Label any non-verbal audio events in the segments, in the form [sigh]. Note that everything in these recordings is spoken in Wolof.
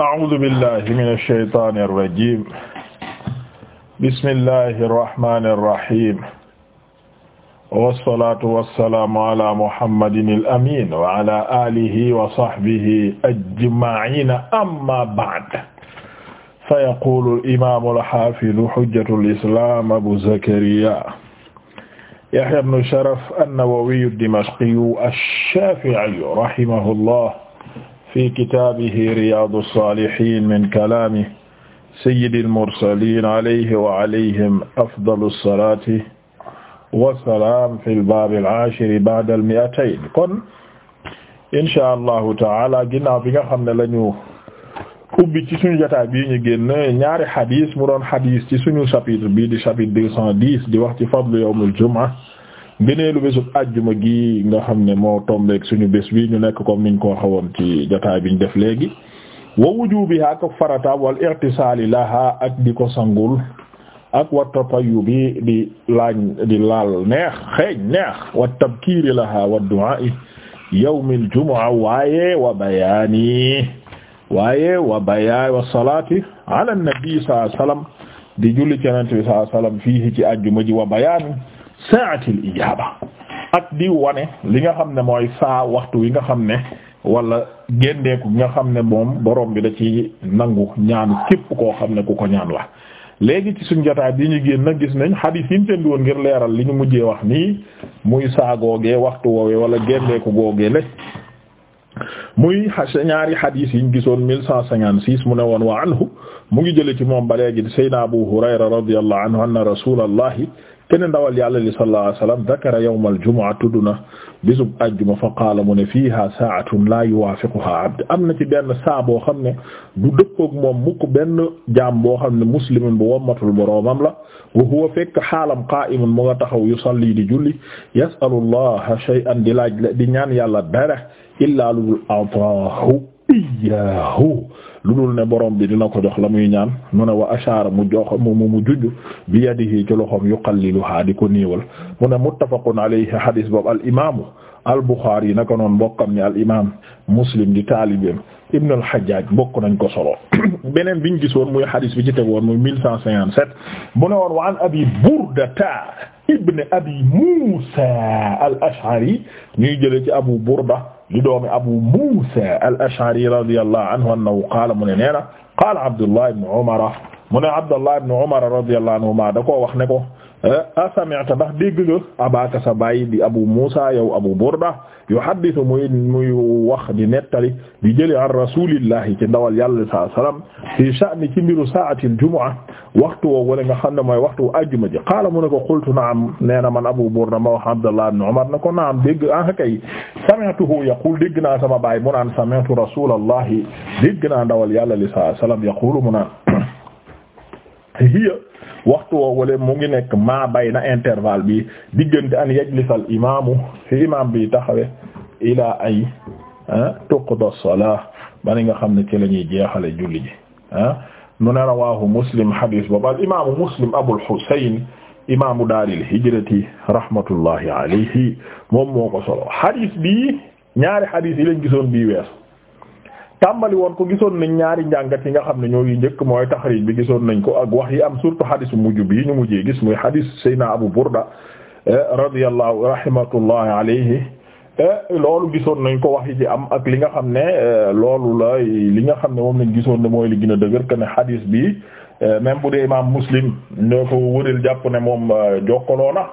أعوذ بالله من الشيطان الرجيم بسم الله الرحمن الرحيم والصلاة والسلام على محمد الأمين وعلى آله وصحبه أجمعين أما بعد فيقول الإمام الحافظ حجة الإسلام أبو زكريا يحيى بن شرف النووي الدمشقي الشافعي رحمه الله fi kitaabihi riyaadu saalihiin min kalaami sayyidil mursaliin alayhi wa alayhim afdalu salaati wa salaam fil baabil aashiri ba'dal mi'atayn kon incha allahu ta'ala ginnaaw bi nga xam ne la ñu ubbi ci suñu jotaay bii ñu génn ñaari xadis mu doon xadis ci suñu chapitre bii di chapitre deux cent dix di wax ci fadlu yawmul jumu'a ngëneelu bésub àjjuma gi nga xam ne moo tombeek suñu bés bi ñu nekk ko niñ ko xawoon ci jotaay biñ def léegi wa wujubiha ak farata wal i'tisaali laha ak di ko sangul ak wa tapayyu bi di laañ di laal neex xeeñ neex wa tabkiiri laha wa du'aa'i yawmil jumu'a waaye wa bayaani waaye wa bayaani wa salaati ala nabi sallallahu alayhi wasallam di julli ci nabi sallallahu alayhi wasallam fiihi wa bayaani saatil ijaaba ak di wane li nga xam ne mooy saa waxtu wi nga xam ne wala géndeeku bi nga xam ne moom borom bi da ci nangu ñaanu képp koo xam ne ku ko ñaan la léegi ci suñ jotaay bi ñu génn nag gis nañ xadiis yi ñu leen woon ngir leeral li ñu mujjee wax nii muy saa googee waxtu woowee wala géndeeku googee le muy ñaari xadiis yi ñu gisoon mille cent cinquante six mu ne woon wa anhu mu ngi jële ci moom ba léegi Seydina Abu Hurayra radiyallahu anhu anna rasulallahi kenn ndawal yàlla li sallallahu alayhi wasallam dakara yawm al-jumu'a tudduna bisub ajjuma fa qaala mu ne fiiha saa'atun la yuwaafiquha abd am na ci benn saa boo xam ne du dëppook moom mukk benn jaam boo xam ne muslimun bu wommatul boroomam la wa huwa fekk xaalam qaa'imun mu nga taxaw yusalli di julli yas'alu allaha shay'an di laaj di ñaan yàlla dara illaa lu dul ataahu iyyaahu lu dul ne borom bi dina ko jox la muy ñaan mu ne wa ashaara mu jox mu mu jujj bi yadihi ci loxoom yuqalliluha di ko niiwal mu ne muttafaqun alayhi hadis boobu al imaamu al buxaari naka noonu mbokkam ni al imaam muslim di taalibeem ibn al hajjaj bokk nañ ko solo [coughs] beneen biñ gisoon muy hadis bi ci tegoon muy 1157 mu ne woon wa an abi burdata ibn abi muusa al ash'ari ñuy jëlee ci abu burda di doomi Abu Muusa al-Ash'ari radiyallahu anhu annahu qaala mu ne nee na qaala Abdullah ibn Umar mu ne Abdullah ibn Umar radiyallahu anhuma da koo wax ne ko eh, asami'ta ndax dégg nga abaka sa baay di Abu Muusa yow Abu Burda yuhaddisu muy muy wax di nettali di jëlee an rasulillahi ci ndawal yàlla saa salaam fi sha'ni ci mbiru sa'atil jumu'a waxtu woowu wala nga xam ne mooy waxtu ajjuma ji qaala mu ne ko qultu na'am nee na man Abu Burda ma wax Abdullah ibn Umar ne ko na'am dégg ah kay sami'tuhu yaqul dégg naa sama baay mu naan sami'tu rasulallahi dégg naa ndawal yàlla li saa salaam yaqulu mu naan hiya waxtu woo wala mu ngi nekk maa bay na intervalle bi diggante an yajlisal imaamu fi imaam bi taxawe ilaa ay ah, tuqda salaa ba ni nga xam ne ci la ñuy jeexale julli ji ah mu ne rawaahu muslim hadis boobu al imaamu muslim abul husayn hijrati rahmatullahi alayhi moom moo ko solo hadis bii ñaari hadis yi lañ gisoon bii weesu tàmbali woon ko gisoon nañ ñaari njàngat yi nga xam ne ñoo yu njëkk mooy taxriij bi gisoon nañ ko ak wax yi am surtout hadis mujj bii ñu mu gis muy hadis Seyna Abu Burda eh, radiyallahu rahmatullahi alayhi loolu gisoon nañ ko wax yi ci am ak li nga xam ne euh, loolu la li nga xam ne moom lañ gisoon ne mooy li gën a dëgër que ne xadiis bi euh, même bu dee imaam muslim ñoo ko wëril jàpp ne moom euh, jokkaloo na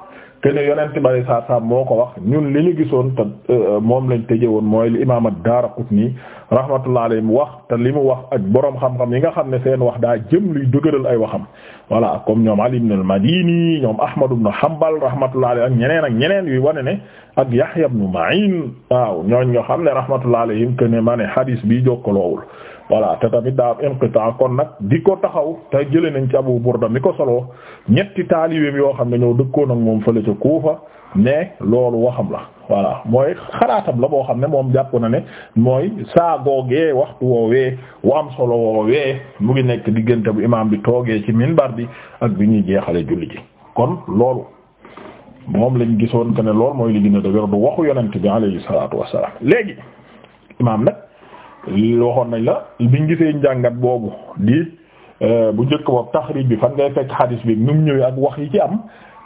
te ne yonent bari saa moo ko wax ñun li ñu gisoon te euh, moom lañ tëje woon mooy li imaam ad-Daaraqutni rahmatullah alayhi mu wax te li mu wax ak boroom xam-xam yi nga xam ne seen wax daa jëm luy dëgëral ay waxam voilà comme ñoom Ali ibn al-Madini ñoom Ahmad ibn Hanbal rahmatullah alayhi ak ñeneen ak ñeneen yuy wane ne ak Yahya ibn Ma'in waaw ñooñ nga xam ne rahmatullah alayhim que ne ma ne hadis bi jokkaloowul voilà te tamit daa am kon nag di ko taxaw te jëlee nañ ci Abu Burda mi ko soloo ñetti taalibeem yoo xam ne ñoo dëkkoon ak moom fële ca Kuufa mais loolu waxam la voilà mooy xalaatam la boo xam ne moom jàpp na ne mooy saa googee waxtu woowee wa am solo woowee mu ngi nekk diggante bu imaam bi toogee ci minbar bi ak bi ñuy jeexale julli ji kon loolu moom lañ gisoon que ne loolu mooy li gën a dëgër du waxu yonent bi alayhi salaatu wassalaam léegi imaam nag waxoon nañ la biñ gisee njàngat boobu di euh, bu njëkk boobu taxrij bi fan ngay fekk xadis bi nu mu ñëwee ak wax yi ci am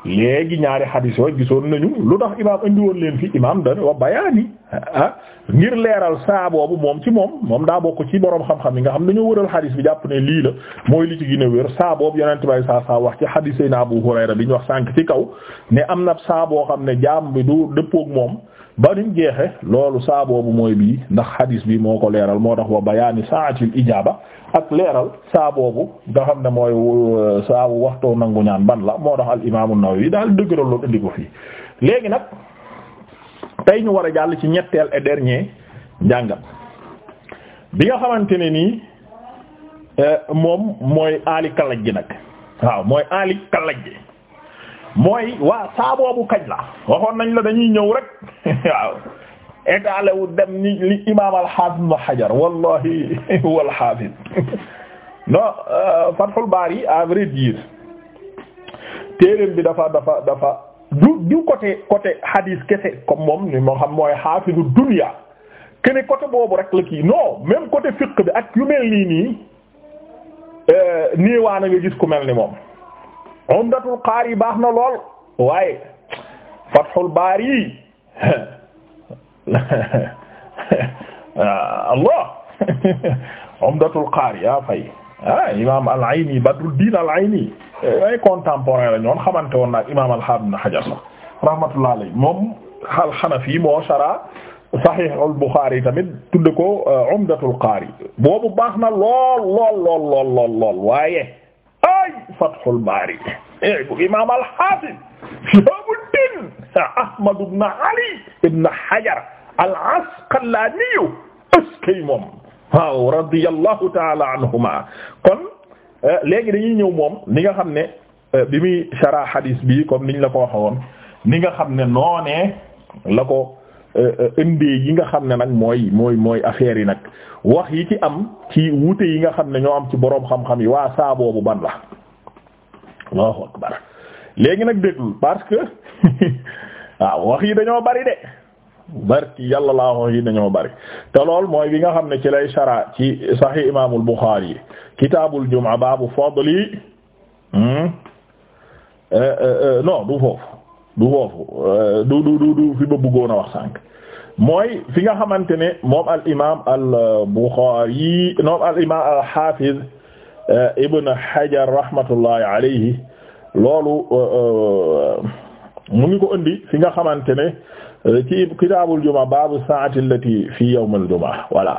léegi ñaari xadis yooyu gisoon nañu lu tax imaam indiwoon leen fi imaam da wa bayaani ah ngir leeral saa boobu moom ci moom moom daa bokk ci borom xam-xam yi nga xam dañoo wëral xadis bi jàpp ne lii la mooy li ci gën a wér saa boobu yonent bay saa saa wax ci xadis yi na Abu Hurayra di ñu wax sànq ci kaw ne am na saa boo xam ne jaam bi du dëppook moom. ba nim jeexe loolu saa boobu mooy bii ndax hadis bi moo ko leeral moo tax wa bayaani saatil ijaaba ak leeral saa boobu nga xam ne mooy euh, saabu waxtoo nangu ñaan ban la moo tax al imaamu Nawawi daal dëgëral loolu indi ko fii léegi nag tey ñu war a jàll ci ñetteel et dernier njàngat bi nga xamante ne nii euh, moom mooy aali kalaj gi nag waaw mooy aali kalaj gi mooy waa saa boobu kañ la waxoon nañ la dañuy ñëw rek [laughs] waaw égalé wu dem ni li imaam al-Hafiz Ibn Hajar wallahi huwa [laughs] al-Hafiz [laughs] non euh, Fathul Bari à vrai dire téereem bi dafa dafa dafa du du côté côté hadis kese comme moom ni moo xam mooy hafizu dunya kene côté boobu rek la kii non même côté fiqh bi ak yu mel nii nii euh, néewaa waa nga gis ku mel ni moom. Umdatul Qaari baax na lool waaye Fathul Baari [laughs] Allah [laughs] Umdatul Qaari yaa fay ah imaam al-Ayni Badruddin al-Ayni ay contemporain la ñoon xamante woon naag imaam al-Haafiz Ibn Hajar rahmatullah alayhi moom al-Hanafi moo sara Sahih al-Bukhari tamit tudd ko uh, Umdatul Qaari boobu baax na lool lool lool lool lool waaye. ay Fathul Baari ay eh, bu imaam al-Haafid Shihaabud-Diin Ahmad Ali ibn Hajar al-Asqalaani askay moom waaw radiyallahu ta'ala anhuma kon eh, léegi dañuy ñëw moom ni nga xam ne eh, bi muy sara hadis bi comme niñ la ko waxe woon ni nga xam ne noonee la ko indee yi nga xam ne nag mooy mooy mooy affaire yi nag wax yi ci am ci wuute yi nga xam ne ñoo am ci boroom xam-xam yi waa saaboo boobu ban la allahu léegi nag déglu parce que [laughs] waaw wax yi dañoo bari de barki yàlla laa wax yi dañoo bari te lool mooy bi nga xam ne ci lay shara ci sahih imaamul buxaari yi kitaabul jumaa baabu fadli hmm? eh, eh, eh, non du foofu du foofu du du fi ba bëggoon a wax sànq mooy fi nga xamante ne moom al imaam al buxaari moom al imaam al xaafiz Eh, Ibn Hajar rahmatullahi alayhi loolu eh, eh, mu ngi ko indi fi nga xamante ne ci kitaabul juma baabu saati allati fi yawmil juma voilà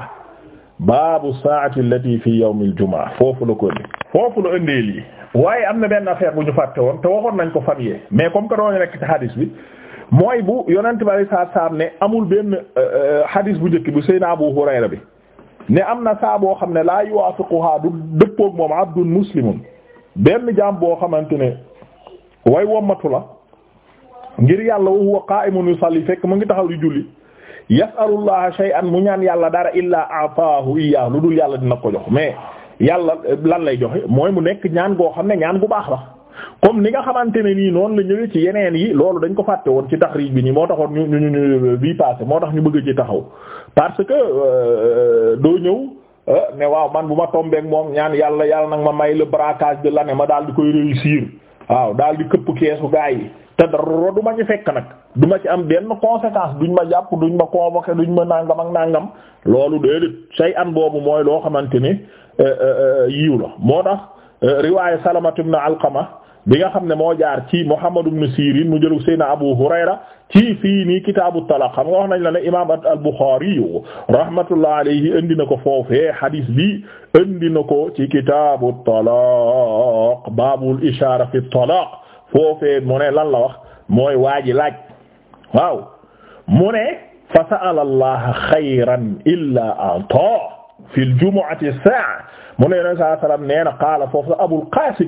baabu saati allati fi yawmil juma foofu la ko indi foofu la indee lii waaye am na benn affaire bu ñu fàtte woon te waxoon nañ ko fan yee mais comme que doon nekk ci hadis bi mooy bu yonent bi sallallahu alayhi wasallam ne amul benn hadis bu njëkk bu Seydina Abu Hurayra bi ne am na saa boo xam ne laa yuwaafiquhaa du dëppoog moom abdun muslimun benn jaam boo xamante ne way wommatu la ngir yàlla wa huwa qaa'imun yi fekk mu ngi taxaw di julli yasalullaha shay'an mu ñaan yàlla dara illa ataahu iyaahu lu dul yàlla dina ko jox mais yàlla lan lay joxe mooy mu nekk ñaan goo xam ne ñaan gu baax la comme ni nga xamante ne nii noonu la ñëwee ci yeneen yi loolu dañ ko fàtte woon ci taxriij bi nii moo taxoon ñu ñu ñu bii passé moo tax ñu bëgg ci taxaw parce que euh, doo ñëw. Euh, ne waaw man bu ma tombeek moom ñaan yàlla yàlla nag ma may le braquage de l'année ma daal di koy réussir waaw daal di këpp keesu gaa yi te dara du ma ñu fekk nag du ma ci am benn conséquence duñ ma jàpp duñ ma convoqué ñu ma nàngam ak nàngam loolu déedéet say an boobu mooy loo xamante ni euh, yiw la moo Salamatu ibn Alqama bi nga xam ne moo jaar ci Muhammad ibn Sirin mu jëlu Seydina Abu Hurayra ci fii nii kitaabu talaq xam nga wax nañ la ne imaam al-Bukhari rahmatullah alayhi indi na ko foofee hadis bi indi na ko ci kitaabu talaq baabul ishaara fi talaq foofee mu ne lan la wax mooy waaji laaj waaw mu ne fa sa'ala Allah xayran illaa a'taahu fil jumu'ati saa'a mu ne yonent salaam nee na qaala foofu la abul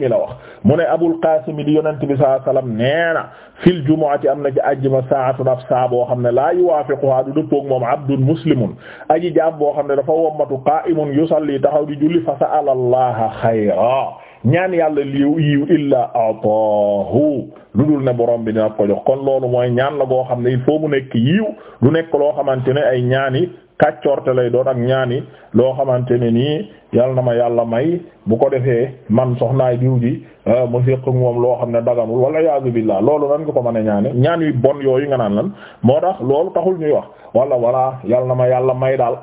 la wax mu ne abul qaasimi di yonent bi saa salaam nee na fil jumu'ati am na ci ajjuma saa'atun afsaa boo xam ne laa yuwaafiquhaa du dëppook moom abdun muslimun aji jaam boo xam ne dafa wommatu qaa'imun yusalli taxaw di julli fa sa'ala allaha xayra ñaan yàlla liiw yiw illaa ataahu lu dul ne borom bi dina ko jox kon loolu mooy ñaan la boo xam ne il faut nekk yiw du nekk loo xamante ne ay ñaani kàccoorte lay doon ak ñaani loo xamante ne nii yal na ma yàlla may bu ko defee man soxnaay diw ji ah, mu séq moom loo xam ne daganul wala yaazu billah loolu nan nga ko mën a ñaan yu bon yooyu nga naan lan moo tax loolu taxul ñuy wax wala wala yal na ma yàlla may daal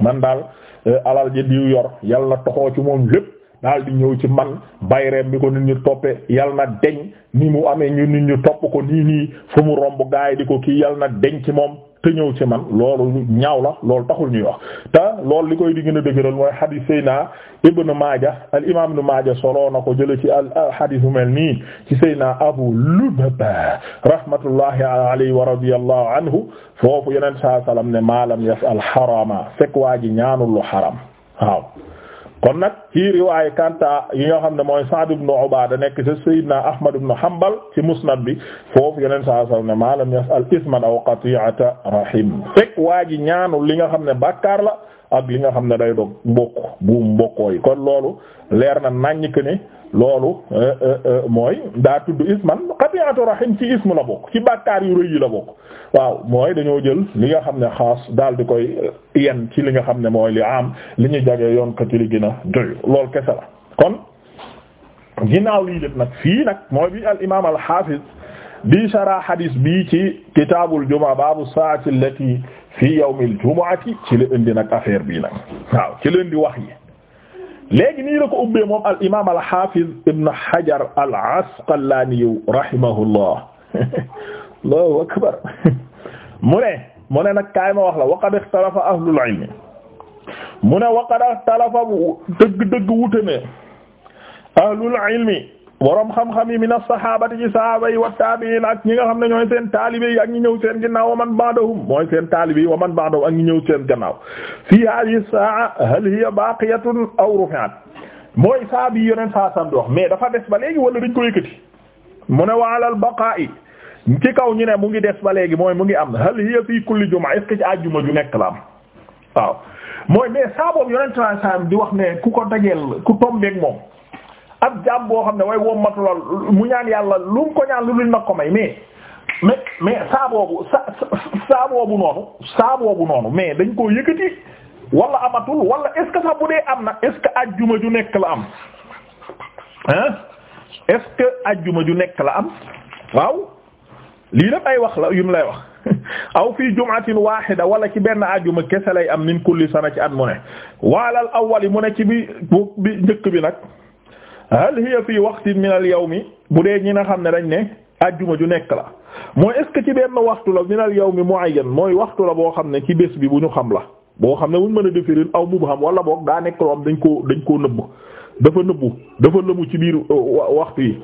man daal eh, alal ji diw yor yal na toxoo ci moom lépp daal di ñëw ci man bayreem bi ko nit ñu toppe yal na deñ ni mu amee ñu nit ñu topp ko nii nii fu mu romb gaay di ko kii yal na deñ ci moom te ñëw ci man loolu ñaaw la loolu taxul ñuy wax te loolu li koy di gën a dëgëral mooy xadis Seyna Ibn Maaja al imaam Ibn Maaja solo na ko jëlee ci al xadis bu mel nii ci Seyna Abu Lubaba rahmatullahi alayhi wa radiyallahu anhu foofu yeneen saa ne maalam yas'al xarama fekk waa ji ñaanul lu xaram kon nag ci riwaay kanta yi nga xam ne mooy Sa'd ibn Ubaada nekk ci Sayyidina Ahmad ibn Hanbal ci musnad bi foofu yeneen saa sallam ne ma lam yas'al isman aw qati'ata rahim fekk waa ji ñaanul li nga xam ne bàkkaar la ak li nga xam ne day dog mbokk buum mbokkoo kon loolu leer na naññ que loolu euh, euh, euh, mooy daa tudd isman qati'atu rahim ci ismu la bokk ci bàkkaar yu rëy yi la bokk waaw mooy dañoo jël li nga xam ne xaas daal di koy yen ci li nga xam ne mooy li am li ñu jagee yoon ko ci li gën a doyu loolu kese la kon ginnaaw lii lépp nag fii nag mooy bi al imaam al hafiz bi shara hadis bi ci kitaabul jumaa baabu saati allati fi yawmil jumu'ati ci la indi nag affaire bii nag ci la indi wax léegi nii la ko ubbee moom al imaam al xaafiz ibn Hajar al Asqalaani rahimahullah [laughs] Allahu akbar [laughs] mu ne mu ne nag kaay ma wax la wa qad ixtalafa ahlul ilmi mu ne wa qad ixtalafa dëgg-dëgg wute ne ahlul ilmi boroom xam-xam yi min as-sahabati ci sahaaba yi wa tabi'in ak ñi nga xam ne ñooy seen taalibe yi ak ñi ñëw seen ginnaaw wa man ba'dahum mooy seen taalibe yi wa man ba'dahum ak ñi ñëw seen ginnaaw fii hadhihi as-sa'a hal hiya baqiyatun aw rufi'at mooy saa yoneen saa san di wax mais dafa des ba léegi wala dañ ko yëkkati mu ne wa ala al kaw ñu ne mu ngi des ba léegi mooy mu ngi am hal hiya fii kulli jumaa ju nekk la waaw mooy mais saa boobu yoneen saa san di wax ne ku ko dajeel ku tombeek moom ab jaam boo xam ne way wommatu la mu ñaan yàlla lu mu ko ñaan lu luñ nag ko may mais mais mais saa boobu sa saa boobu noonu saa boobu noonu mais dañ koo yëkkati wala amatul wala est sax bu dee am na est ce ju nekk la am hein est ce ju nekk la am waaw lii lépp ay wax la yu lay wax [laughs] aw fii jum'atin wahida wala ci benn ajjuma kese lay am min kulli sana ci at mu ne waalal awwali mu ne ci bi bu bi njëkk bi nag hal hiya fii waqtin min al mi bu dee ñi nga xam ne dañ ne ajjuma ju nekk la mooy est ce que ci benn waxtu la min al yawmi muayyan mooy waxtu la boo xam ne ci bés bi bu ñu xam la boo xam ne bu ñu mën a définir aw xam wala boog daa nekk loo am dañ koo dañ koo nëbb dafa nëbbu dafa lëmu ci biir euh, waxtu yi.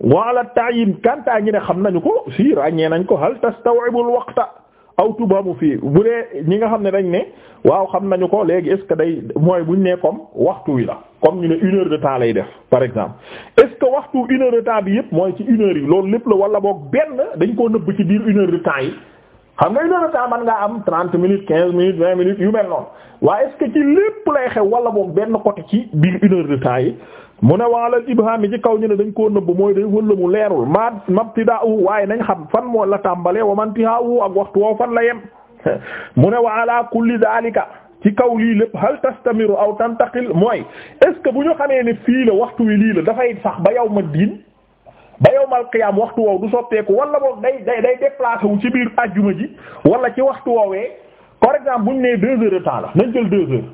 wala ta'yin kanta ñi ne xam nañu ko si ràññee nañ ko hal tastaw'ibul waqta aw tubamu fii bu dee ñi nga xam ne dañ ne waaw xam nañu ko léegi est ce que day mooy buñ ne comme waxtu wi la comme ñu ne une de temps lay def par exemple est waxtu une heure de temps bi yëpp mooy ci une yi loolu lépp la wala boog benn dañ koo nëbb ci biir une heure de temps yi xam nga une de temps man ngaa am trente minutes quinze minutes vingt minutes yu mel noonu waaye est ci lépp lay xew wala boog benn côté ci biir une heure de temps yi mu ne waalal ibham yi ci kaw ñu ne dañ koo nëbb mooy day wëlla mu leerul ma mabtidaahu waaye nañ xam fan moo la tàmbalee wa mantihaahu ak waxtu woo fan la yem [laughs] mu ne waalaa ala kulli daalika ci kaw lii lépp hal tastamiru aw tantaqil mooy est que bu ñu xamee ne fii la waxtu wi lii la dafay sax ba yow ma diin ba yowmal qiyaam waxtu woow du soppeeku wala boog day day day wu ci biir ajjuma ji wala ci waxtu woowee par exemple bu ñu nee deux heures de temps jël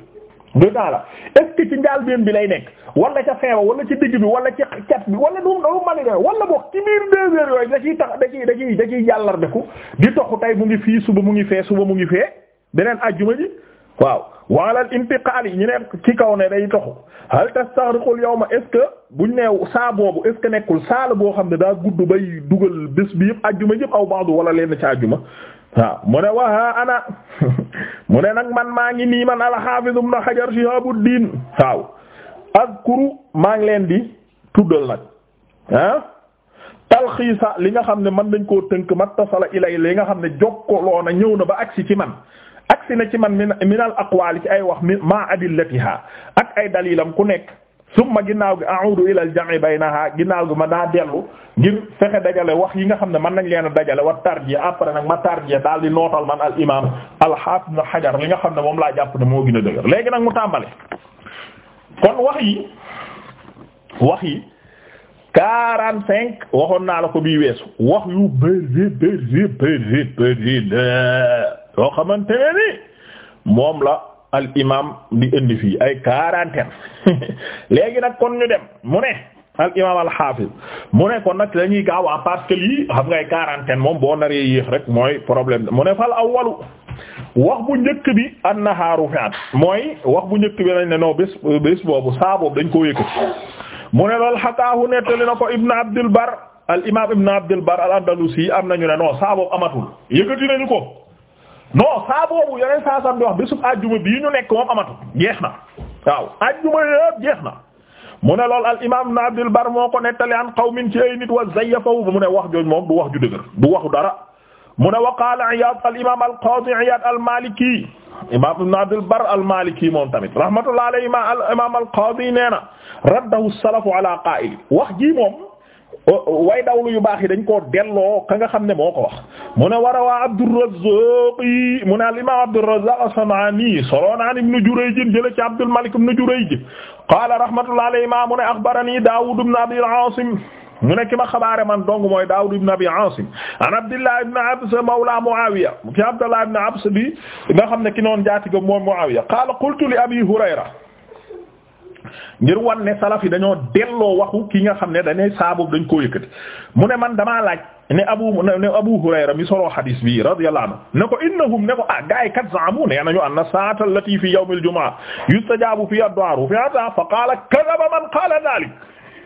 dedans la est-ce que ci njaal benn bi lay nekk wala ca feewa wala ci digg bi wala ci cat bi wala dum dalu mani do wala boog ci biir deux heures yooyu da ciy tax da ciy da ciy da ciy jàllar beku di toxu tey mu ngi fii suba mu ngi fee suba mu ngi fee beneen ajjuma ji waaw waalal intiqaal yi ñu ne ci kaw ne day toxu hal tastaghriqul yawma est-ce que buñ neew saa boobu est-ce que nekkul saala boo xam ne daa gudd bay dugal bés bi yëpp ajjuma yëpp aw ba'du wala leen ci ajjuma waaw mu ne waxa ana [laughs] mu ne nag man maa ngi nii man al-Hafiz Ibn Hajar Shihabuddin waaw azkuru maa ngi leen di tuddal nag ah talxiisa li nga xam ne man dañ koo tënk mattasala ilay li nga xam ne jokkoloo ñëw na ba agsi ci man agsi na ci man min al aqwaali ci ay wax ma adillatiha ak ay dalilam ku nekk summa ginnaaw gi a'udu ila al-jam'i baynaha ginnaaw gi ma daa dellu ngir fexe dajale wax yi nga xam ne mën nañ leen dajale wa tarji après nag ma tarji daal di nootal man al imam al-hafiz ibn Hajar li nga xam ne moom laa jàpp ne moo gën a léegi nag mu tàmbale wax wax yi quarante waxoon naa la ko bii weesu wax yu bëri bëri moom la al imam di indi fii ay quarantaine [laughs] léegi nag kon ñu dem mu ne al imam al hafiz mu ne kon nag lañuy gaaw a parce que lii xam ngay quarantaine moom boo naree yéex rek mooy problème mu ne fal awwalu wax bu njëkk bi annahaaru fi at mooy wax bu njëkk bi lañ ne non bés bés boobu saa dañ ko yëkkati mu ne lool xakaahu nettali na ko ibn abdul bar al imam ibn abdul bar al andalusi am nañu ne noo saa boobu amatul yëkkati nañu ko non saa boobu yeneen saa sam bi wax bésub ajjuma bii nekk moom amatu jeex na waaw ajjuma yëpp jeex na mu ne lool al imam ibn Abdul Bar moo ko nettali an qawmin ci ay nit wa zayyafahu mu wax jooj moom du wax ju dëgër du waxu dara mu ne wa qaala Iyaad al imam al qaadi Iyaad al maliki imam ibn Abdul Bar al moom tamit rahmatullahi alayhi al imam al nee na raddahu salafu ala qaa'ili wax ji moom way dawlu yu baax yi dañ koo delloo ka nga xam ne moo ko wax mu ne wara a waa Abdurrazzaq yi mu ne al imam Abdurrazzaq as-San'ani soloo naan ibn Jurayj jële ci Abdul Malik ibn Jurayj qala rahmatullahi alayhi ma mu ne akhbarani Dawud ibn Abi Asim mu ne ki ma xabaare man dong mooy Daawud ibn Abi Aasim an Abdullah ibn Abs mawla Muawiya ki Abdullah ibn Abs bi nga xam ne ki noon jaati ko moom Muawiya qaala qultu li Abi Hurayra ngir wan ne salaf yi dañoo delloo waxu ki nga xam ne dañ ne saabu dañ koo yëkkati mu ne man damaa laaj ne abu ne abu hurayra mi soloo xadiis bi radiyallahu anhu ne ko innahum ne ko ah gaay kat zaamu nee nañu anna saata allati fi yawm al-jumu'a yustajabu fiha ad-du'a fi hada fa qaala kadhaba man qaala dhalik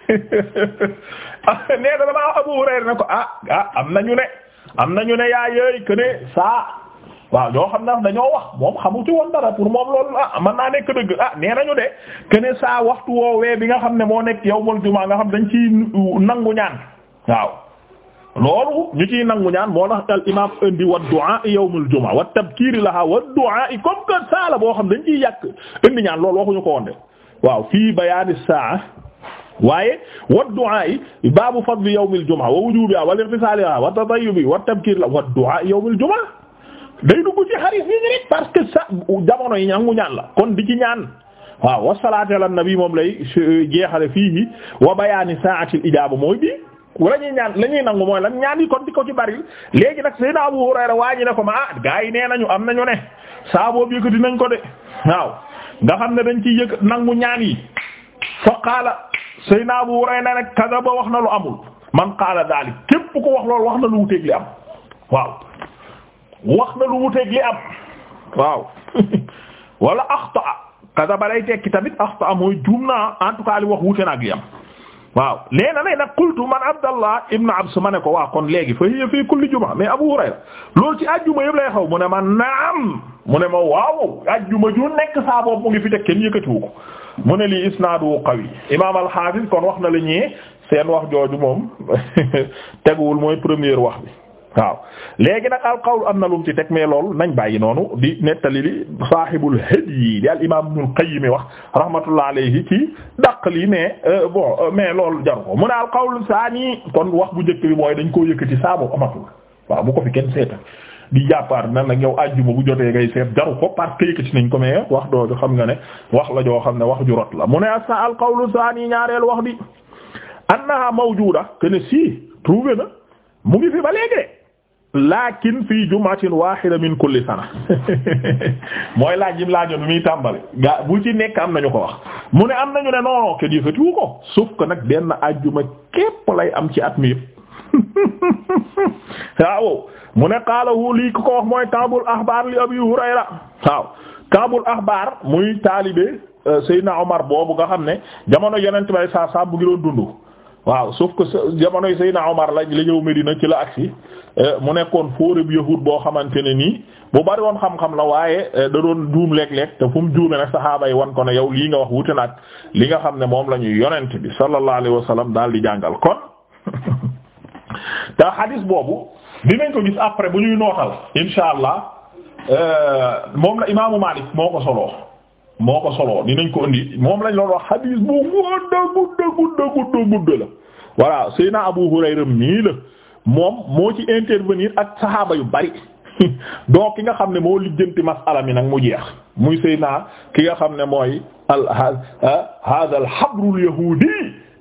[laughs] nee na damaa abu hurayra ne ko ah ah am nañu ne am nañu ne yaa yooyu saa waaw ñoo xam ne dañoo wax moom xamu ci woon dara pour moom loolu ah mën naa nekk dëgg ah nee nañu de kene saa waxtu woowee bi nga xam ne moo nekk yawmul jumaa nga xam dañ ciy nangu ñaan waaw loolu ñu ciy nangu ñaan moo tax al imam indi wa du'a yawmul jumaa wa tabkiir laha wa du'a comme que saa la boo xam dañ ciy yàq indi ñaan loolu waxuñu ko woon waaw fii bayaani saa waaye wa du'a yi baabu fadli yawmil jumaa wa wujubiha wal wa tatayyubi wa la wa du'a yawmul day dugg ci xaris bi parce que jamono yi ñangu ñaan la kon di ci ñaan waaw wasalaatu ala nabi moom lay jeexale fii wa bayaani saati ijaaba mooy bi la ñuy ñaan la ñuy nangu mooy lan ñaan yi kon di ko ci bari léegi nag Seydina Abu Hurayra waa ñu ne ko ma ah nee nañu am nañu ne saa boobu nañ ko de waaw xam ne dañ ciy yëkk nangu ñaan yi fa qaala Seydina Abu Hurayra nag kadaba wax na lu amul man qaala daalik képp ko wax lool wax na lu wuteeg li am waaw. wax na lu wuteeg li am waaw [laughs] wala axta kadaba lay tekki tamit axta mooy juum naa en tout cas li wax wute na ak li am waaw nee na nag qultu man abdallah ibn abs ma ne ko waa kon léegi fa hiya fii kulli juma mais abu hurayra loolu ci ajjuma yëpp lay xaw mu ne man naam mu ne ma waaw ajjuma ju nekk saa boobu mu ngi fi te kenn yëkkatiwu ko mu ne lii isnaadu qawi imaam al kon wax na la ñee seen wax jooju moom [laughs] teguwul mooy première wax bi waaw léegi nag alqawlu am na lum ci teg mais loolu nañ bàyyi noonu di nettali li saahibul hadyi di al imaam Ibnul Qayyim wax rahmatullah alayhi ci daq lii mais euh, bon euh, mais loolu jaru ko mu ne alqawlu saani kon wax bu njëkk bi mooy dañ koo yëkkati saabu amatul waaw bu ko fi kenn seetal di jàppaar na nag yow àjjuma bu jotee ngay seet jaru ko parce que yëkkati nañ ko mais wax doo dooju xam nga ne wax la joo xam ne wax ju rot la mu ne asa alqawlu saani ñaareelu wax bi annaha mawjuda que ne si trouvé na mu ngi lakin fii jum'atin wahida min kulli sana [laughs] mooy laaj yim laajoon bi muy tàmbale gaa bu ci nekk am nañu ko wax mu ne am nañu ne non non ke ko sauf que nag benn ajjuma képp lay am ci at mi yëpp [laughs] waaw mu ne qaalahu lii ku ko wax mooy kaabul axbaar li abi hurayra waaw kaabul axbaar muy taalibe euh, Seydina Omar boobu nga xam ne jamono yonent bay saa saa bu ngi doon dund waaw sauf que jamonoy Seydina Omar la la ñëw Medina ci la agsi Eh, mu nekkoon fóoréb yahud boo xamante ne nii bu bari woon xam-xam la waaye eh, da doon juum léeg-léeg te fu mu juume nag saxaaba yi wan ko ne yow lii nga wax wute na li nga xam ne moom la ñuy yonent bi sallallahu alayhi wa sallam daal di jàngal kon [laughs] te hadis boobu dinañ ko gis après bu ñuy nootal insha allah eh, moom la imaamu Malik moo ko soloo moo ko soloo dinañ ko indi moom lañ loolu wax hadis bu gudda gudda gudda gudda gudda la voilà Seydina Abu Hurayra moom moo ci intervenir ak saxaaba yu bari [laughs] donc ki nga xam ne moo lijjanti masala mi nag mu jeex muy sëy naa ki nga xam ne mooy al hada al habrul yahudi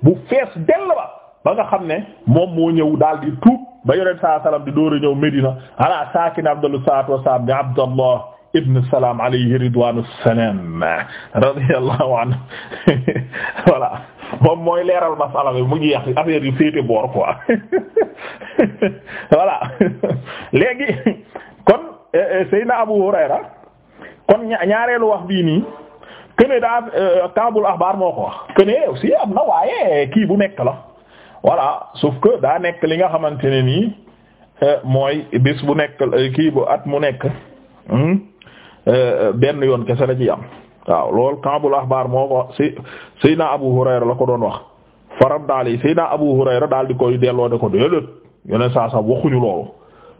bu fees dell ba ba nga xam ne moom moo ñëw daal di tuub ba yonent saa salaam di door a ñëw Medina ala sakin abdul salaatu wasalaam bi abdallah ibn Salam alayhi ridwanu salam radiyallahu anhu [laughs] voilà moom mooy leeral masala bi mu jeex affaire yu féete boor quoi [laughs] voilà [laughs] léegi kon eh, eh, Seydina Abu Hurayra kon ñaareelu wax bii nii kene daa eh, kaabul axbaar moo ko wax kene aussi am na waaye kii bu nekk la voilà sauf que daa nekk li nga xamante ne nii mooy bis bu nekk kii bu at mu nekk hmm? Euh, benn yoon kese la ci am waaw lool Kaabul Ahbaar moo ko si Seydina Abu Hurayra la ko doon wax faram daal yi Seydina Abu Hurayra daal di koy delloo ne ko déedéet yeneen saa sax waxuñu loolu.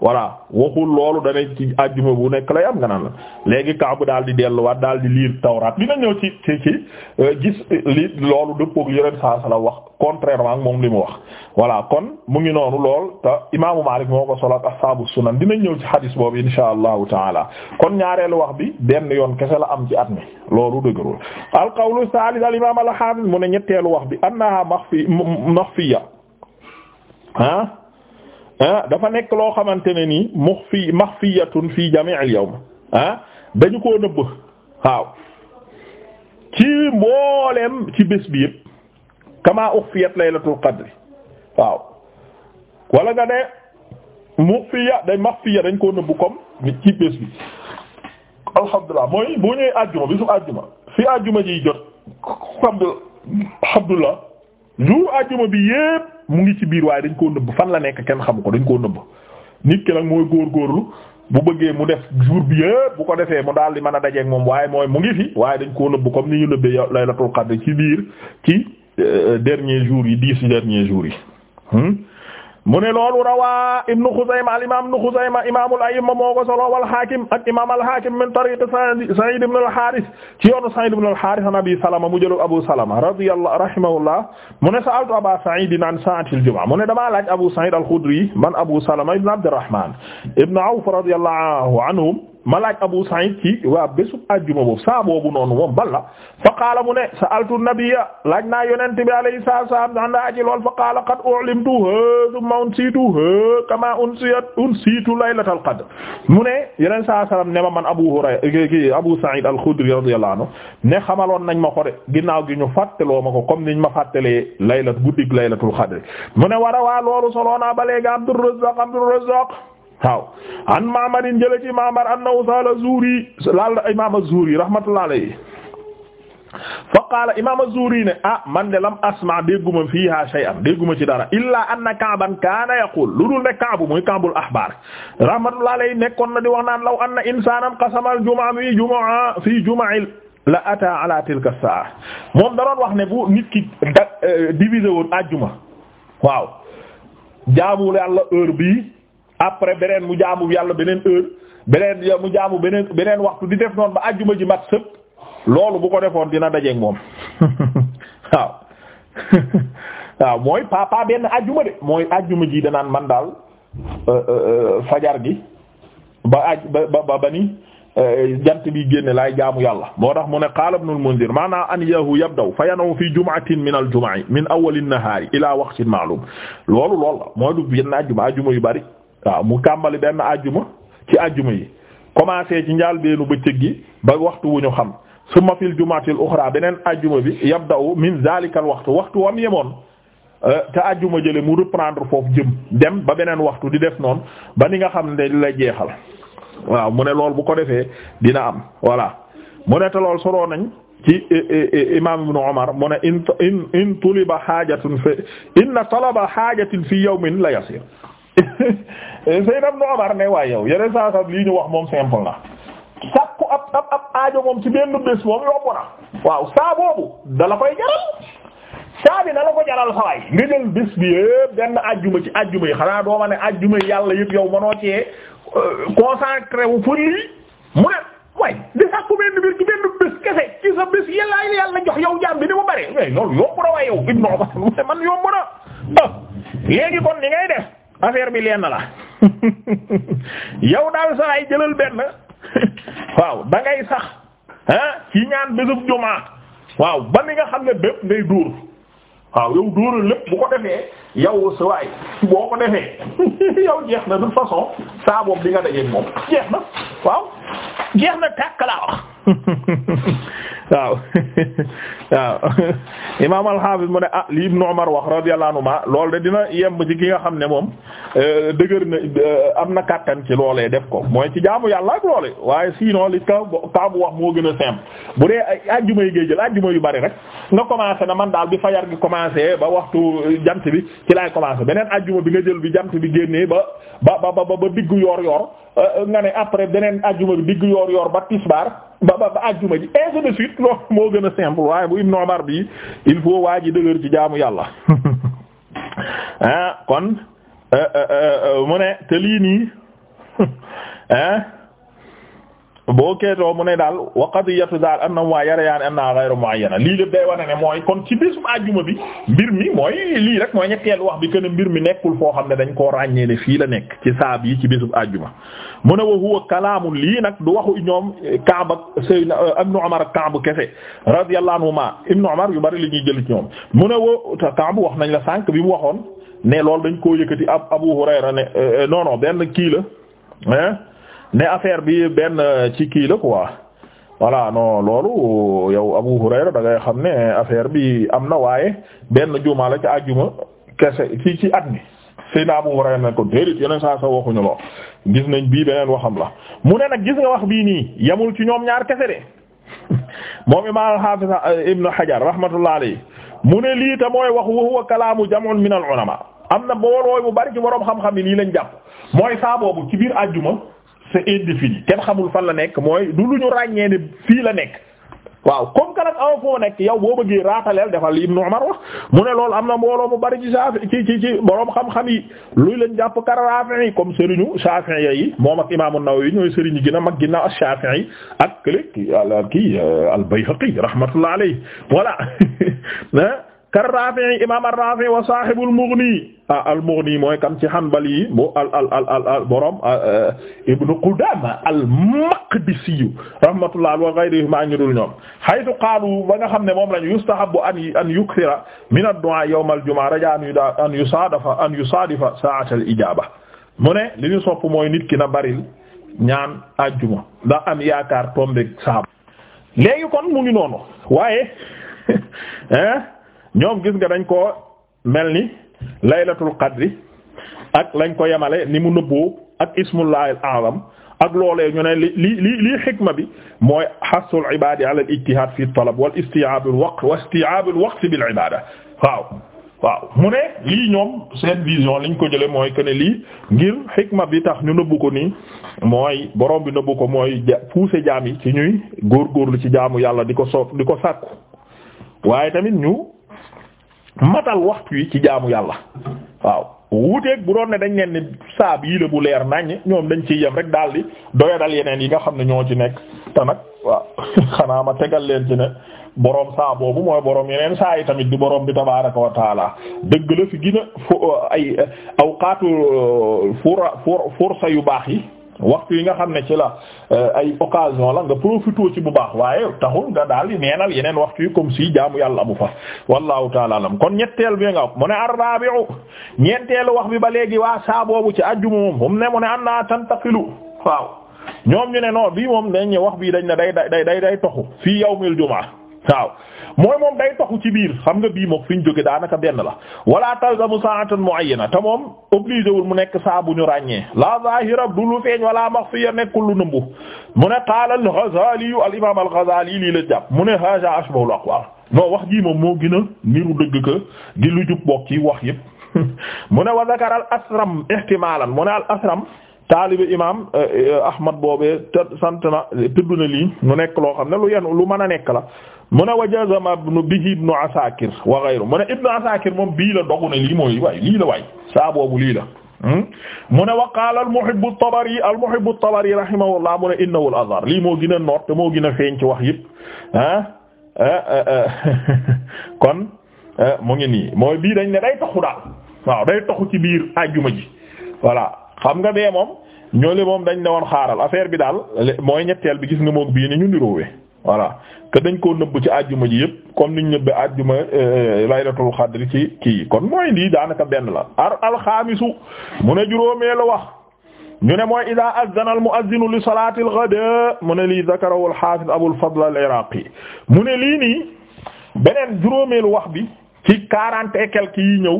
voilà waxul loolu dane ci àjjuma bu nekk lay am nga naan léegi Kaabu dal di delluwaat daal di liir tawraat dina ñëw ci ci ci euh, gis euh, li loolu dëppook yeneen saa sala wax contrairement ak moom li mu wax voilà kon mu ngi noonu lool te imaamu Maalik moo ko solaat ashaabu sunan dina ñëw ci xadis boobu insha allahu taala kon ñaareelu wax bi benn yoon kese la am ci at mi loolu dëgërul al qawlu saalis al imaam al haafis mu ne ñetteelu wax bi annaha max maxfiya ah ah dafa nekk loo xamante ne nii muxfi maxfiyatun fi jami'il yawm ah dañu ko nëbb waaw ci mbooleem ci bés bi yëpp kama ukhfiyat laylatul qadri waaw wala nga ne muxfiya day maxfiya dañ koo nëbb comme ci bés bi alhamdulilah mooy bu ñëwee àjjuma bisu àjjuma fi àjjuma ji jot abdul abdullah jour àjjuma bi yëpp mu ngi ci biir waaye dañ koo nëbb fan la nekk kenn xamu ko dañ koo nëbb nit ki nag mooy góorgóorlu bu bëggee mu def jour bi yëpp bu ko defee mu daal di mën a dajeeg moom waaye mooy mu ngi fi waaye dañ koo nëbb comme ni ñu nëbbee laylatul qadr ci biir ci euh, dernier jour yi dix dernier jour yi hmm? mu ne loolu rawaa ibnu Xuzayma al imaam ibnu Xuzayma imaamul a'imma moo ko solo wal Haakim ak imaam al Haakim min tariiq Sa'iid ibnu al Haaris ci yoonu Sa'iid ibnu al Haaris an Abi Salama mu jëlu Abu Salama radiyallahu rahimahullah mu ne sa'altu Abaa Sa'iid an saa'atil jumu'a mu ne damaa laaj Abu Sa'iid al Xudri man Abu Salama ibnu Abdirrahmaan ibnu Awf radiyallahu anhum ma laaj Abu Sa'id ci waa bésub àjjuma boobu saa boobu noonu moom bal la fa qaala mu ne sa'altu nabiyya laaj naa yonent bi alayhi salaatu wa salaam naa aji lool fa qaala qad u'limtuha thumma unsituha kama unsiyat unsitu laylatal qadr mu ne yeneen saa salaam ne ma man Abu Hurayra ki Abu Sa'id al-Khudri radiyallahu anhu ne xamaloon nañ ma ko de ginnaaw gi ñu fàttaloo ma ko comme niñ ma fàttalee laylat guddig laylatul qadr mu ne war a waa loolu soloona ba léegi Abdurrazzaq waaw an mamarin jële ci mamar annahu sala Zuhri laal imam Zuhri rahmatullah alayhi fa qaala imam Zuhri ne ah man de lam asma dégguma fiiha shay'an dégguma ci dara illa anna Ka'ban kaana yaqul lu dul ne Ka'bu muy Ka'bul ahbar rahmatullah alayhi nekkoon na di wax naan law anna insanan qasama al-jumu'a fi jumu'a fi jumu'il la ata ala tilka as-sa'a moom da doon wax ne bu nit ki eh, diviser woon àjjuma waaw jaamu yàlla heure bi après beneen mu jaamu yàlla beneen heure beneen mu jaamu beneen beneen waxtu di def noonu ba àjjuma ji mat sëpp loolu bu ko defoon dina dajeeg moom [laughs] waaw [laughs] waaw mooy papa benn àjjuma de mooy àjjuma ji danaan man daal euh, euh, euh, fajar gi ba aj ba ba ni jant bi génne laay jaamu yàlla moo tax mu ne qaala ibnul munzir maanaa an yahu yabdaw fa yanaw fi jum'atin min al jum'i min awwal an-nahari ila waqtin ma'lum loolu loolu la mooy du yenn àjjuma àjjuma yu bari waaw mu kàmbali benn àjjuma ci ajuma yi commencé ci njaal beenu ba gi ba waxtu wu ñu xam summa fil jumaatil uxra beneen àjjuma bi yabda'u min zaalikal waxtu waxtu wam yemoon euh, te àjjuma jële mu reprendre foofu jëm dem ba beneen waxtu di def noon ba ni nga xam ne la jeexal waaw mu ne lool bu ko defee dina am voilà mu ne te lool soloo nañ ci e, e, e, imaam ibnu Umar mu ne in in in tuliba xaajatun fi inna talaba xaajatin fi yawmin la yasir Seydina Ibn Umar ne waaye yow yeneen saa sax lii ñu wax moom simple na sàkku ab ab ab aajo moom ci benn bés moom yomb na waaw saa boobu dala koy jaral saa bi dala ko jaral sa waay nga jël bés bi yëpp benn ci ajjuma yi xanaa doo ma ne ajjuma yàlla yëpp yow mënoo cee euh, concentré wu lii mu ne waaye di sàkku benn mbir ci benn bés kese ci sa bés yàllaa yi yàlla jox yow jaam bi ni mu bare loolu yomb na waaye yow Ibn Umar man yomb na ah, léegi kon ni ngay def. affaire bi leen la [laughs] yow daal sax ay jëlal benn [laughs] waaw da ngay sax ah ci ñaan bésub jumaa waaw ba ni nga xam ne bépp ngay dóor waaw yow dóoral lépp bu ko defee yow sa waay boo ko defee [laughs] yow jeex na de façon saa di nga dajeeg moom jeex na waaw jeex na tàkk laa wax waaw [laughs] waaw [laughs] imaam al-Hafiz mu ne ah li Ibn Umar wax radiyallahu anhuma lool de dina yemb ci ki nga xam ne moom euh, dëgër na euh, am na kàttan ci loolee def ko mooy ci jaamu yàlla ak loole waaye sinon li ka kaabu wax moo gën a simple bu dee ay ajjuma yi ngay jël ajjuma yu bari rek nga commencé na man daal bi fajar gi commencé ba waxtu euh, jant bi ci laay commencé beneen ajjuma bi nga jël bi jant bi génnee ba ba ba ba ba diggu yoor yoor nga ne après beneen ajjuma bi diggu yoor yoor ba [laughs] loolu moo gën a simple waaye bu Ibn Umar bi il faut waa ji dëgër ci jaamu yàlla [laughs] ah kon eh, eh, eh, mu ne te lii nii ah [laughs] boo keetoo mu ne daal wa qadiyatu daal annahum yarayaan annahaa ghayru mu'ayyana lii lépp day wane ne mooy kon ci bésum àjjuma bi mbir mi mooy lii rek mooy ñetteelu wax bi kën ne mbir mi nekkul foo xam ne dañ koo ràññee fii la nekk ci saab yi ci bésum àjjuma mu ne wa huwa kalaamun lii nag du waxu ñoom Kaab ak Seydina euh, Ibnu Umar ak Kaab kese radiyallahu anhuma Ibnu Umar yu bari li ñuy jël ci ñoom mu ne wa Kaab wax nañ la sànq bi mu waxoon ne loolu dañ koo yëkkati ab Abu Hurayra ne euh, euh, non benn kii la ne affaire bi benn ci kii la quoi voilà non loolu yow Abu Hurayra da xam ne affaire bi am na waaye benn juma la ca àjjuma kese ci ci at mi. Seydina Abu Hurayra ne ko déedéet yeneen saa sa waxuñu loo gis nañ bii beneen waxam la mu ne nag gis nga wax bii nii yamul ci ñoom ñaar kese de [laughs] moom imaam al-Hafiz Ibn Hajar rahmatullah alayhi mu ne lii ta mooy wax wa huwa kalaamu jam'un min al-ulama am na boolooy bu bari ci boroom xam-xam yi lii lañ jàpp mooy saa boobu ci biir àjjuma c'est indéfini kenn xamul fan la nekk mooy du lu ñu ràññee ne fii la nekk. waaw comme que nag aw foo nekk yow boo bëggee raataleel defal li Ibnu Umar wax mu ne loolu am na mbooloo mu bari ci Saafi ci ci ci borom xam-xam yi luy leen jàpp kar Raafi'i comme Serigne Saafi'i yi moom ak Imaam An-Nawawi ñooy Serigne gën a mag ginnaaw as-Saafi'i ak kële kii al-Bayhaqi rahmatullah alayhi voilà. [laughs] Ah, kar Rafi'i imam ar-Rafi'i wa sahibul Mughni ah al-Mughni mooy kam ci Hanbali yi bu al al al al borom ah, eh, Ibn Qudama al-Maqdisi rahmatullah wa ghayrihi maa ñu dul ñoom haythu qaalu ba nga xam ne moom lañu yustahabbu an an yukthira min ad-du'a yawm al-jumu'a raja'an an yusadifa an yusadifa sa'at al-ijaba mu ne li ñu sopp mooy nit ki na baril ñaan àjjuma ndax am yaakaar tombe saabu léegi kon mu ngi noonu waaye hein [laughs] eh, ñoom gis nga dañ koo mel ni laylatul qadri ak lañ ko yemale ni mu nëbboo ak ismullahil a'zam ak loolee ñu ne li li li xikma bi mooy xasul ibadi ala al ijtihad fi talab wal isti'ab al waqt wa isti'ab al waqt bil ibada waaw waaw mu ne lii ñoom seen vision liñ ko jële mooy que ne lii ngir xikma bi tax ñu nëbbu ko nii mooy borom bi nëbbu ko mooy pousser jaam yi ci ñuy góorgóorlu ci jaamu yàlla di ko soof di ko sàkku waaye tamit ñu matal waxtu yi ci jaamu yàlla waaw wuuteeg bu doon ne dañ leen ni saab yii la bu leer naññ ñoom dañ ciy yem rek daal di doyadal yeneen yi nga xam ne ñoo ci nekk te nag waaw [laughs] xanaa ma tegal leen ci ne boroom saa boobu mooy boroom yeneen saa yi tamit di boroom bi tabaaraka wa taala dëgg la fi gina fu ay awqaatu uh, fura fur fursa yu baax yi waxtu yi nga xam ne ci la euh, ay occasion la nga profité ci bu baax waaye taxul nga daal di neenal yeneen waxtu yi comme si jaamu yàlla amu fa wallahu taala alam kon ñetteel bi nga mu ne arrabi'u ñeenteelu wax bi ba léegi waa saa ci ajjuma moom mu ne mu ne anna tantaqilu waaw ñoom ñu ne non bii moom dañ wax bii dañ ne day day day day toxu fii yawmil jumaa waaw mooy moom day toxu ci biir xam ga bii moom fi ñu jóge daanaka benn la wala talzamu sa'atan mu'ayyana te moom obligé wul mu nekk saabu ñu ràññee la zahira du lu feeñ wala maxfiya nekkul lu nëmbu mu ne qaala al-Ghazali al imam al-Ghazali lii la jàpp mu ne haja ashbahul aqwal non wax jii moom moo gën a niru dëgg ka di lu jub bokk ci wax yëpp [laughs] mu ne wa zakara al asram ihtimalan mu ne al asram taalibe imaam eh, eh, Ahmad boobee sant na na lii mu nekk loo xam ne lu yenu lu mën a nekk la mu ne wa jazama ibnu bihi ibnu Asakir wa ghayru mu ibnu Asakir moom bii la dogu ne lii mooy waay lii la waay saa boobu lii la. Hmm? mu ne wa qaala al-Muhibb at-Tabari al-Muhibb at-Tabari rahimahullah mu ne lii moo gën a noot te moo gën a feeñ ci wax yëpp ah, ah, ah, ah. [laughs] kon mu ngi nii mooy bii dañ ne day taxu daal day taxu ci biir àjjuma ji xam nga bee moom ñoole moom dañ ne woon xaaral affaire bi daal mooy ñetteel bi gis nga moog bii ni ñu niroowee voilà que dañ koo nëbb ci àjjuma ji yëpp comme niñ nëbbe àjjuma euh, laylatul xadri ci kii kon mooy lii daanaka benn la ar alxaamisu mu ne juróomeelu wax ñu ne mooy ida azzana al muazzinu mu ne lii zakarahu al hafiz abul fadl al iraqi mu ne lii nii beneen juróomeelu wax bi ci quarante et quelques ñëw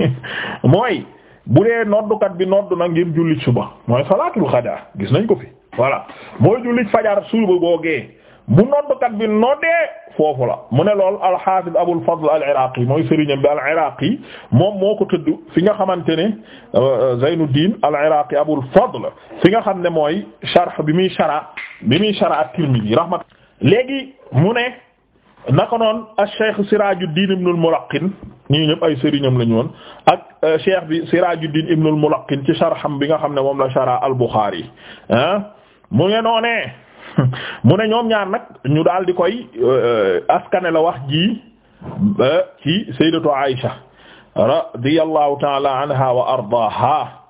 [laughs] mooy bu dee noddukat bi noddu na ngir jullit suba mooy salaatul xadaa gis nañ ko fi voilà mooy jullit fajar suba googee bu noddukat bi noddee foofu la mu ne lool al-Hafiz Abul Fadl al-Iraqi mooy sëriñam bi al-Iraqi moom moo ko tëdd fi nga xamante ne euh, euh, Zaynuddin al-Iraqi Abul Fadl fi nga xam ne mooy sharh bi muy shara bi muy shara at-Tirmidhi rahmat léegi mu ne naka noon noonu ak cheikh Sirajuddin ibnul Mulaqin ñii ñëpp ay sëriñam lañu woon ak euh, cheikh bi Sirajuddin ibnul Mulaqin ci sharham bi nga xam ne moom la shara al-Bukhari ah mu nge noonee [laughs] mu ne ñoom ñaar nag ñu daal di koy euh, askane la wax ji euh, ci sayyidatu Aisha radiyallahu ta'ala anha wa ardaaha